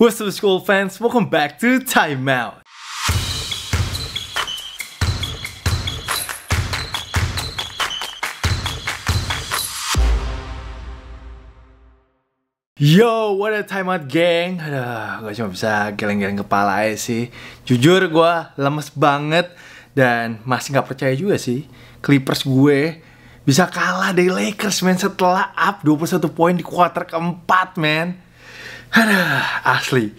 What's up school fans, welcome back to Time Out. Yo, what a time out geng Aduh, gue cuma bisa geleng-geleng kepala aja sih Jujur gue lemes banget Dan masih gak percaya juga sih Clippers gue bisa kalah dari Lakers men setelah up 21 poin di kuarter keempat men Aduh, asli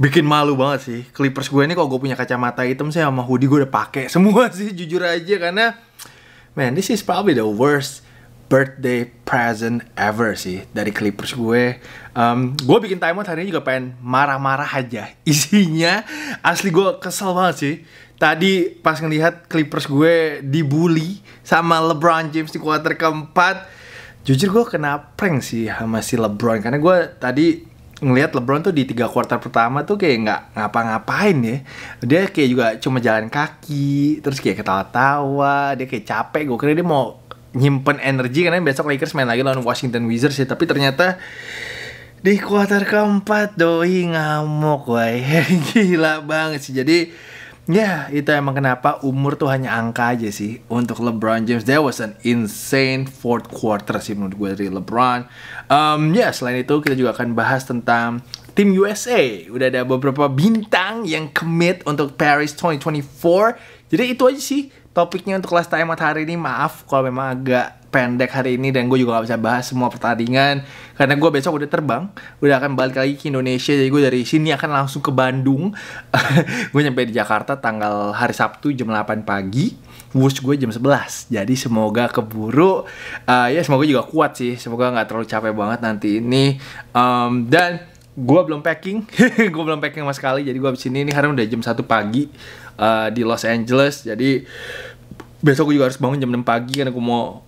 bikin malu banget sih Clippers gue ini kalau gue punya kacamata hitam sih sama hoodie gue udah pakai semua sih jujur aja karena man this is probably the worst birthday present ever sih dari Clippers gue um, gue bikin out hari ini juga pengen marah-marah aja isinya asli gue kesel banget sih tadi pas ngelihat Clippers gue dibully sama LeBron James di kuarter keempat jujur gue kena prank sih sama si LeBron karena gue tadi ngelihat LeBron tuh di tiga kuartal pertama tuh kayak nggak ngapa-ngapain ya. Dia kayak juga cuma jalan kaki, terus kayak ketawa-tawa, dia kayak capek. Gue kira dia mau nyimpen energi karena besok Lakers main lagi lawan Washington Wizards ya. Tapi ternyata di kuartal keempat doi ngamuk, wah gila banget sih. Jadi Ya, itu emang kenapa umur tuh hanya angka aja sih. Untuk LeBron James, there was an insane fourth quarter sih menurut gue dari LeBron. Um, ya, yeah, selain itu kita juga akan bahas tentang tim USA. Udah ada beberapa bintang yang commit untuk Paris 2024. Jadi itu aja sih topiknya untuk last time hari ini. Maaf kalau memang agak pendek hari ini dan gue juga gak bisa bahas semua pertandingan karena gue besok udah terbang udah akan balik lagi ke Indonesia jadi gue dari sini akan langsung ke Bandung gue nyampe di Jakarta tanggal hari Sabtu jam 8 pagi wush gue jam 11 jadi semoga keburu uh, ya semoga juga kuat sih semoga nggak terlalu capek banget nanti ini um, dan gue belum packing gue belum packing sama sekali jadi gue di sini ini hari udah jam 1 pagi uh, di Los Angeles jadi besok gue juga harus bangun jam 6 pagi karena gue mau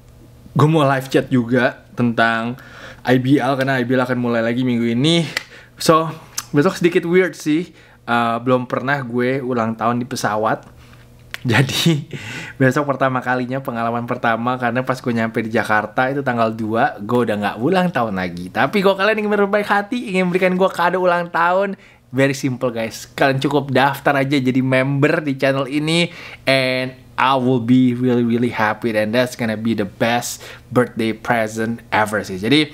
gue mau live chat juga tentang IBL karena IBL akan mulai lagi minggu ini. So besok sedikit weird sih. Uh, belum pernah gue ulang tahun di pesawat. Jadi besok pertama kalinya pengalaman pertama karena pas gue nyampe di Jakarta itu tanggal 2 gue udah nggak ulang tahun lagi. Tapi kalau kalian ingin berbaik hati, ingin memberikan gue kado ulang tahun, Very simple guys. Kalian cukup daftar aja jadi member di channel ini and I will be really really happy and that's gonna be the best birthday present ever sih. Jadi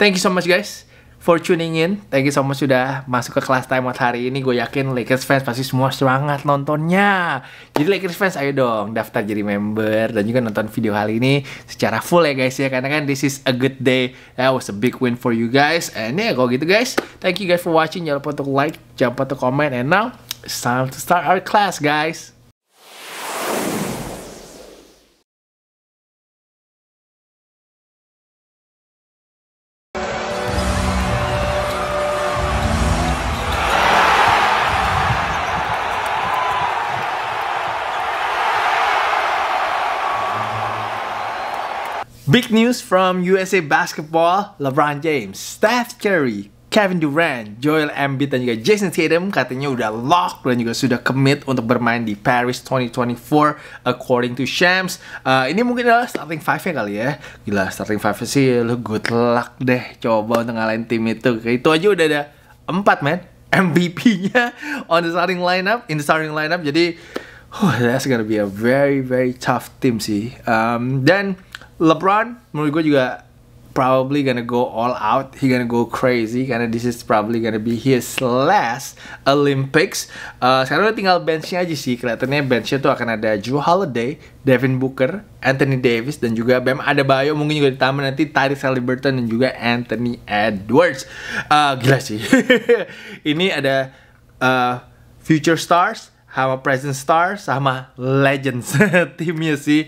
thank you so much guys for tuning in. Thank you so much sudah masuk ke kelas out hari ini. Gue yakin Lakers fans pasti semua semangat nontonnya. Jadi Lakers fans ayo dong daftar jadi member dan juga nonton video kali ini secara full ya guys ya. Karena kan this is a good day. That was a big win for you guys. And yeah, kalau gitu guys, thank you guys for watching. Jangan lupa untuk like, jangan lupa untuk comment. And now, it's time to start our class guys. Big news from USA Basketball, LeBron James, Steph Curry, Kevin Durant, Joel Embiid, dan juga Jason Tatum katanya udah lock dan juga sudah commit untuk bermain di Paris 2024 according to Shams. Uh, ini mungkin adalah starting five-nya kali ya. Gila, starting five sih lu good luck deh coba untuk ngalahin tim itu. Itu aja udah ada 4 men. MVP-nya on the starting lineup, in the starting lineup. Jadi, huh, that's gonna be a very very tough team sih. Um, dan LeBron menurut gue juga probably gonna go all out. He gonna go crazy karena this is probably gonna be his last Olympics. Uh, sekarang udah tinggal benchnya aja sih. Kelihatannya benchnya tuh akan ada Joe Holiday, Devin Booker, Anthony Davis dan juga Bam bayo mungkin juga ditambah nanti Tyrese Haliburton dan juga Anthony Edwards. Uh, gila sih. Ini ada uh, future stars sama Present stars sama Legends timnya sih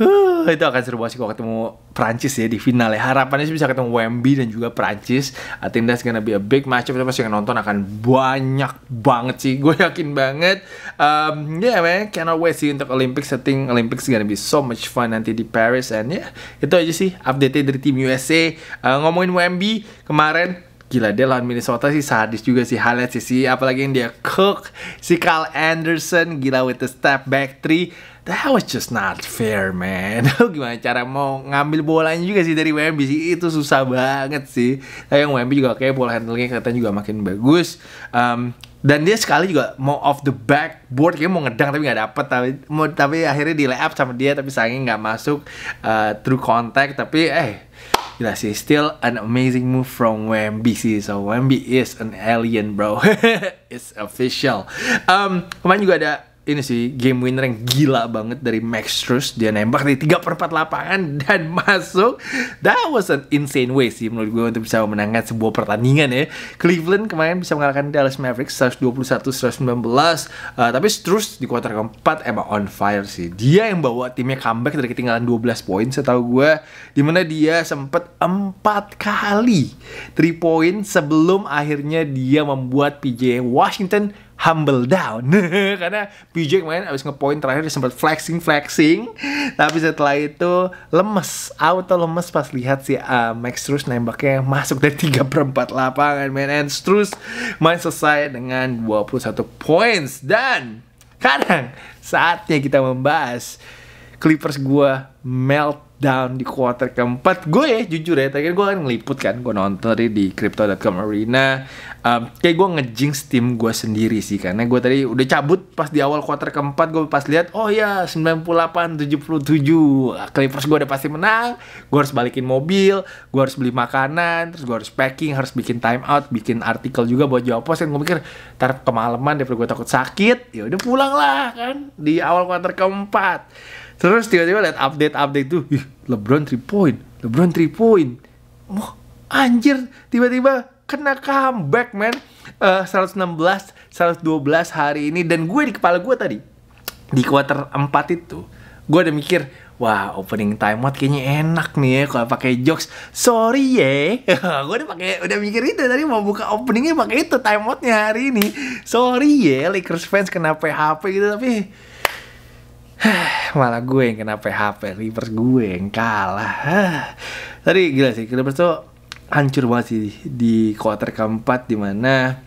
uh, itu akan seru banget sih kalau ketemu Prancis ya di final ya harapannya sih bisa ketemu Wemby dan juga Prancis I think that's gonna be a big match, tapi pasti yang nonton akan banyak banget sih gue yakin banget um, yeah man cannot wait sih untuk Olympics I think Olympics gonna be so much fun nanti di Paris and yeah itu aja sih update dari tim USA uh, ngomongin Wemby kemarin gila dia lawan Minnesota sih sadis juga sih highlight sih si apalagi yang dia Cook si Carl Anderson gila with the step back three that was just not fair man gimana cara mau ngambil bolanya juga sih dari WMB sih itu susah banget sih tapi yang WMB juga kayak bola handlingnya kelihatan juga makin bagus um, dan dia sekali juga mau off the backboard kayak mau ngedang tapi nggak dapet tapi mau, tapi akhirnya di up sama dia tapi sayangnya nggak masuk uh, through contact tapi eh Gila sih, still an amazing move from Wemby sih. So Wemby is an alien bro, it's official. Um, kemarin juga ada ini sih game winner yang gila banget dari Max Truss Dia nembak dari 3 per 4 lapangan dan masuk. That was an insane way sih menurut gue untuk bisa memenangkan sebuah pertandingan ya. Cleveland kemarin bisa mengalahkan Dallas Mavericks 121-119. Uh, tapi Strus di kuarter keempat emang on fire sih. Dia yang bawa timnya comeback dari ketinggalan 12 poin setahu gue. Dimana dia sempat 4 kali 3 poin sebelum akhirnya dia membuat PJ Washington humble down karena PJ main abis ngepoint terakhir sempat flexing flexing tapi setelah itu lemes auto lemes pas lihat si uh, Max Strus nembaknya masuk dari tiga per 4 lapangan man and Strus main selesai dengan 21 points dan kadang saatnya kita membahas Clippers gua melt down di kuarter keempat gue ya jujur ya terakhir kan gue kan ngeliput kan gue nonton tadi di crypto.com arena um, kayak gue ngejinx tim gue sendiri sih karena gue tadi udah cabut pas di awal kuarter keempat gue pas lihat oh ya 98 77 Clippers gue udah pasti menang gue harus balikin mobil gue harus beli makanan terus gue harus packing harus bikin time out bikin artikel juga buat jawab pos yang gue mikir ntar kemalaman daripada gue takut sakit ya udah pulang lah kan di awal kuarter keempat terus tiba-tiba lihat update-update tuh Ih, LeBron 3 point LeBron 3 point wah anjir tiba-tiba kena comeback man uh, 116 112 hari ini dan gue di kepala gue tadi di quarter 4 itu gue udah mikir wah opening timeout kayaknya enak nih ya kalau pakai jokes sorry ya gue udah pakai udah mikir itu tadi mau buka openingnya pakai itu timeoutnya hari ini sorry ya Lakers fans kena PHP gitu tapi malah gue yang kena PHP Clippers gue yang kalah tadi gila sih Clippers tuh hancur banget sih di quarter keempat di mana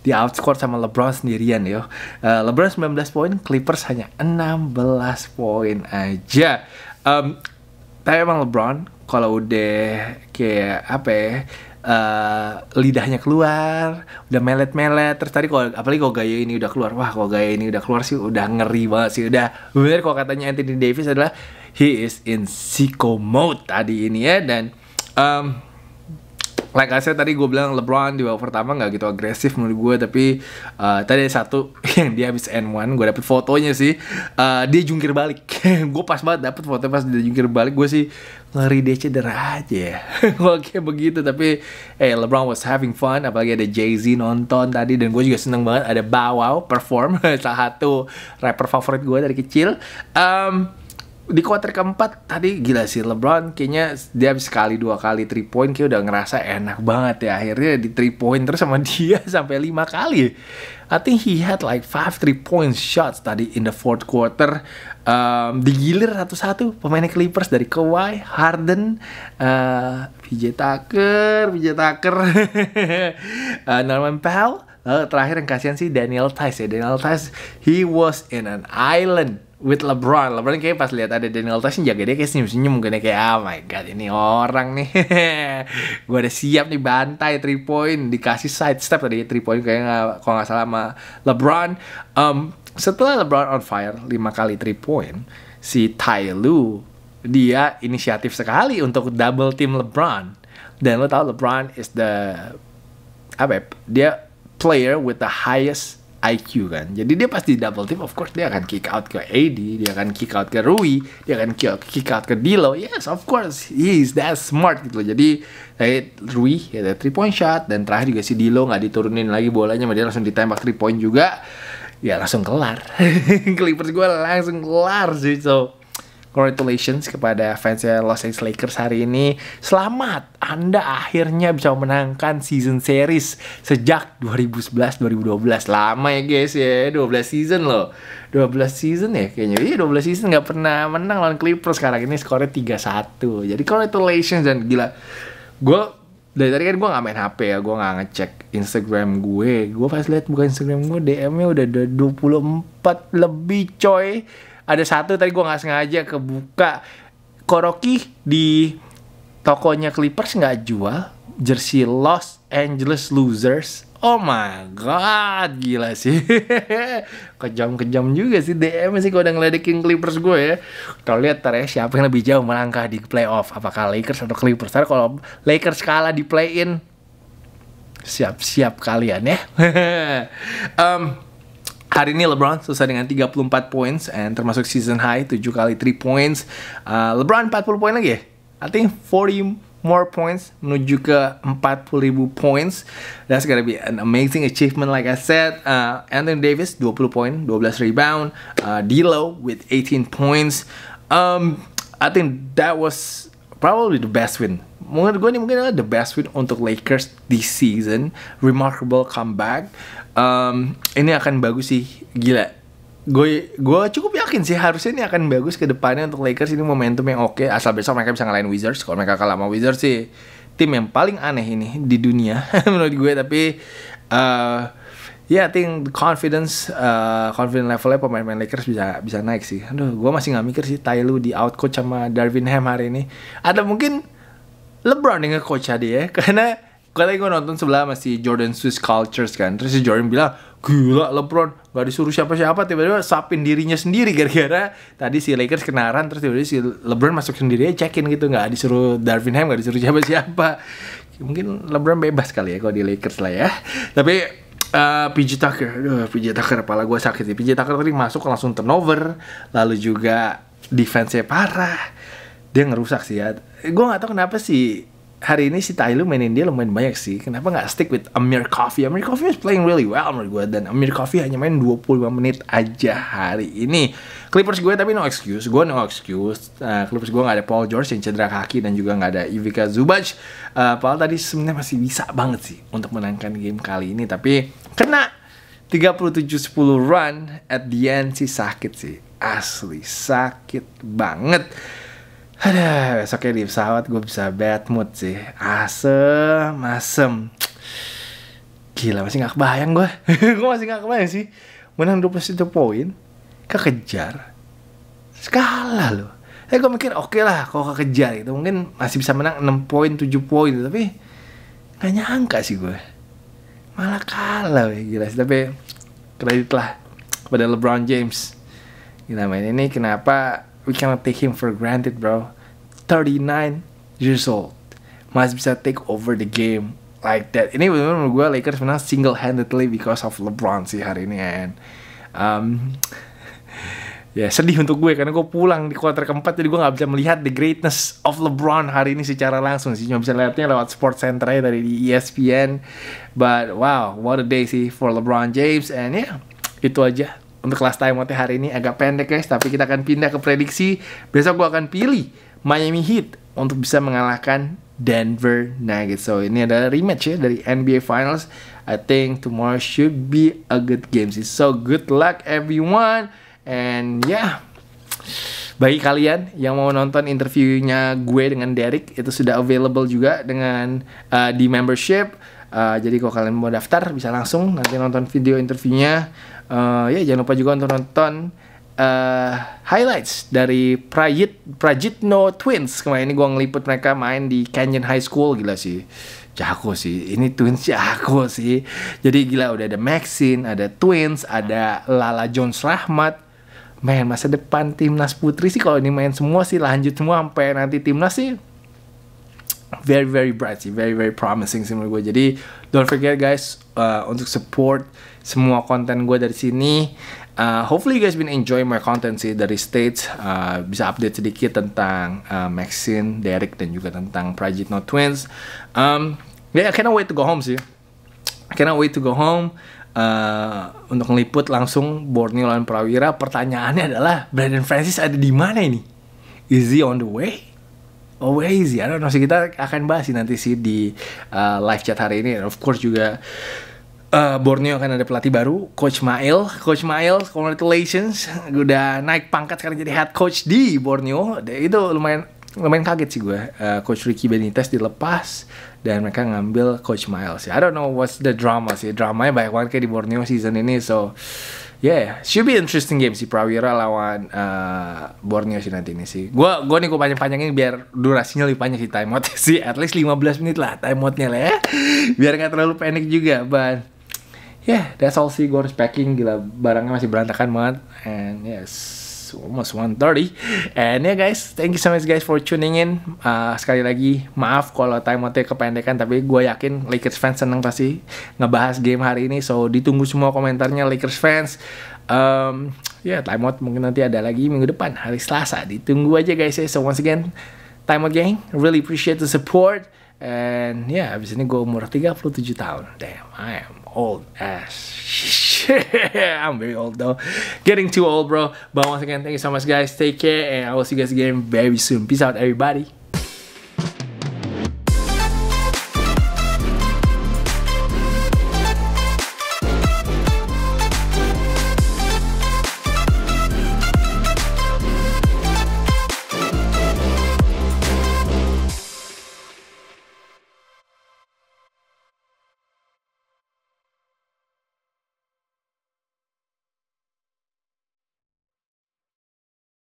di outscore sama LeBron sendirian yo. Uh, LeBron 19 poin, Clippers hanya 16 poin aja. Um, tapi emang LeBron kalau udah kayak apa ya, uh, lidahnya keluar, udah melet-melet. Terus tadi kalau apalagi kalau gaya ini udah keluar, wah kalau gaya ini udah keluar sih udah ngeri banget sih. Udah bener kalau katanya Anthony Davis adalah he is in psycho mode tadi ini ya dan um, like I said tadi gue bilang LeBron di babak pertama nggak gitu agresif menurut gue tapi uh, tadi ada satu yang dia habis N1 gue dapet fotonya sih uh, dia jungkir balik gue pas banget dapet foto pas dia jungkir balik gue sih ngeri dia cedera aja ya oke begitu tapi eh hey, LeBron was having fun apalagi ada Jay Z nonton tadi dan gue juga seneng banget ada Bow Wow perform salah satu rapper favorit gue dari kecil um, di kuarter keempat tadi gila sih LeBron kayaknya dia sekali dua kali three point kayak udah ngerasa enak banget ya akhirnya di three point terus sama dia sampai lima kali I think he had like five three point shots tadi in the fourth quarter um, digilir satu-satu pemain Clippers dari Kawhi Harden uh, PJ Tucker PJ Tucker uh, Norman Powell Lalu uh, terakhir yang kasihan sih Daniel Tice ya Daniel Tice he was in an island with LeBron. LeBron kayak pas lihat ada Daniel Tyson jaga dia kayak senyum-senyum mungkin kayak oh my god ini orang nih. gue udah siap nih bantai 3 point dikasih side step tadi 3 point kayak kalau nggak salah sama LeBron. Um, setelah LeBron on fire 5 kali 3 point si Ty Lue dia inisiatif sekali untuk double team LeBron. Dan lo tau LeBron is the apa ya, dia player with the highest IQ kan. Jadi dia pasti double team, of course dia akan kick out ke AD, dia akan kick out ke Rui, dia akan kick out ke Dilo. Yes, of course, he is that smart gitu Jadi eh, Rui ya three point shot dan terakhir juga si Dilo nggak diturunin lagi bolanya, dia langsung ditembak three point juga. Ya langsung kelar. Clippers gue langsung kelar sih so congratulations kepada fans ya, Los Angeles Lakers hari ini. Selamat, Anda akhirnya bisa memenangkan season series sejak 2011-2012. Lama ya guys ya, 12 season loh. 12 season ya kayaknya. Iya 12 season nggak pernah menang lawan Clippers. Sekarang ini skornya 3-1. Jadi congratulations dan gila. Gue dari tadi kan gue gak main HP ya, gue gak ngecek Instagram gue. Gue pas liat buka Instagram gue, DM-nya udah ada 24 lebih coy ada satu tadi gue nggak sengaja kebuka Koroki di tokonya Clippers nggak jual jersey Los Angeles Losers. Oh my god, gila sih. Kejam-kejam juga sih DM sih kalau udah ngeledekin Clippers gue ya. Kita lihat ntar ya siapa yang lebih jauh melangkah di playoff. Apakah Lakers atau Clippers? Ntar kalau Lakers kalah di play-in, siap-siap kalian ya. um, Hari ini LeBron selesai dengan 34 points and termasuk season high 7 kali 3 points. Uh, LeBron 40 poin lagi ya? I think 40 more points menuju ke 40.000 points. That's gonna be an amazing achievement like I said. Uh, Anthony Davis 20 poin, 12 rebound. Uh, D'Lo with 18 points. Um, I think that was probably the best win mungkin gue ini mungkin adalah the best win untuk Lakers this season remarkable comeback um, ini akan bagus sih gila gue gue cukup yakin sih harusnya ini akan bagus ke depannya untuk Lakers ini momentum yang oke okay. asal besok mereka bisa ngalahin Wizards kalau mereka kalah sama Wizards sih tim yang paling aneh ini di dunia menurut gue tapi uh, ya yeah, I think confidence uh, confidence levelnya pemain-pemain Lakers bisa bisa naik sih. Aduh, gue masih nggak mikir sih Tyloo di out coach sama Darvin Ham hari ini. Ada mungkin LeBron yang nge-coach tadi ya, karena kalau gue nonton sebelah masih Jordan Swiss Cultures kan. Terus si Jordan bilang, gila LeBron gak disuruh siapa-siapa tiba-tiba sapin dirinya sendiri gara-gara tadi si Lakers kenaran terus tiba-tiba si LeBron masuk sendiri aja check-in gitu nggak disuruh Darvin Ham nggak disuruh siapa-siapa mungkin LeBron bebas kali ya kalau di Lakers lah ya tapi Uh, eh, PJ Tucker, uh, PJ Tucker, kepala gue sakit sih. PJ Tucker tadi masuk langsung turnover, lalu juga defense-nya parah. Dia ngerusak sih ya. Gue gak tau kenapa sih hari ini si Lu mainin dia lumayan banyak sih. Kenapa nggak stick with Amir Coffee? Amir Coffee is playing really well menurut gue. Dan Amir Coffee hanya main 25 menit aja hari ini. Clippers gue tapi no excuse. Gue no excuse. Uh, Clippers gue nggak ada Paul George yang cedera kaki dan juga nggak ada Ivica Zubac. Uh, Paul tadi sebenarnya masih bisa banget sih untuk menangkan game kali ini. Tapi kena 37-10 run at the end sih sakit sih. Asli sakit banget. Ada besoknya di pesawat gue bisa bad mood sih. Asem, asem. Gila masih gak kebayang gue. gue masih gak kebayang sih. Menang 21 poin. Kekejar. Skala loh. Eh gue mikir oke okay lah kalau kekejar itu Mungkin masih bisa menang 6 poin, 7 poin. Tapi gak nyangka sih gue. Malah kalah weh. Gila sih. Tapi kredit lah pada LeBron James. Gila main ini kenapa we cannot take him for granted, bro. 39 years old masih bisa take over the game like that. Ini benar-benar gue Lakers menang single handedly because of LeBron sih hari ini and um, ya yeah, sedih untuk gue karena gue pulang di kuarter keempat jadi gue nggak bisa melihat the greatness of LeBron hari ini secara langsung sih cuma bisa lihatnya lewat sport center dari ESPN but wow what a day sih for LeBron James and ya yeah, itu aja untuk last time mode hari ini agak pendek guys, tapi kita akan pindah ke prediksi. Besok gue akan pilih Miami Heat untuk bisa mengalahkan Denver Nuggets. So ini adalah rematch ya dari NBA Finals. I think tomorrow should be a good game sih. So good luck everyone and yeah. Bagi kalian yang mau nonton interviewnya gue dengan Derek itu sudah available juga dengan uh, di membership. Uh, jadi kalau kalian mau daftar bisa langsung nanti nonton video interviewnya uh, ya jangan lupa juga untuk nonton uh, highlights dari Prajit Prajitno Twins kemarin ini gue ngeliput mereka main di Canyon High School gila sih jago sih ini Twins jago sih jadi gila udah ada Maxine ada Twins ada Lala Jones Rahmat main masa depan timnas putri sih kalau ini main semua sih lanjut semua sampai nanti timnas sih very very bright sih very very promising sih menurut gue jadi don't forget guys uh, untuk support semua konten gue dari sini uh, hopefully you guys been enjoy my content sih dari stage uh, bisa update sedikit tentang uh, Maxine, Derek dan juga tentang No Twins um, yeah I cannot wait to go home sih I cannot wait to go home uh, untuk meliput langsung Borneo lawan Prawira. Pertanyaannya adalah Brandon Francis ada di mana ini? Is he on the way? always ya, I don't know sih kita akan bahas sih nanti sih di uh, live chat hari ini. And of course juga uh, Borneo akan ada pelatih baru, Coach Mail. Coach Mail, congratulations, udah naik pangkat sekarang jadi head coach di Borneo. Itu lumayan lumayan kaget sih gue. Uh, coach Ricky Benitez dilepas dan mereka ngambil Coach Miles. I don't know what's the drama sih. Dramanya banyak banget kayak di Borneo season ini. So Yeah, should be interesting game sih Prawira lawan uh, Borneo sih nanti ini sih. Gua gua nih gua panjang-panjangin biar durasinya lebih panjang sih timeout sih. At least 15 menit lah timeoutnya lah ya. Biar nggak terlalu panik juga, ban. Yeah, that's all sih. Gua harus packing gila barangnya masih berantakan banget. And yes, almost 1.30 and yeah guys thank you so much guys for tuning in uh, sekali lagi maaf kalau time outnya kependekan tapi gue yakin Lakers fans seneng pasti ngebahas game hari ini so ditunggu semua komentarnya Lakers fans um, ya yeah, time out mungkin nanti ada lagi minggu depan hari Selasa ditunggu aja guys ya so once again time out gang really appreciate the support and ya yeah, abis ini gue umur 37 tahun damn I am old as shit I'm very old though. Getting too old, bro. But once again, thank you so much, guys. Take care, and I will see you guys again very soon. Peace out, everybody.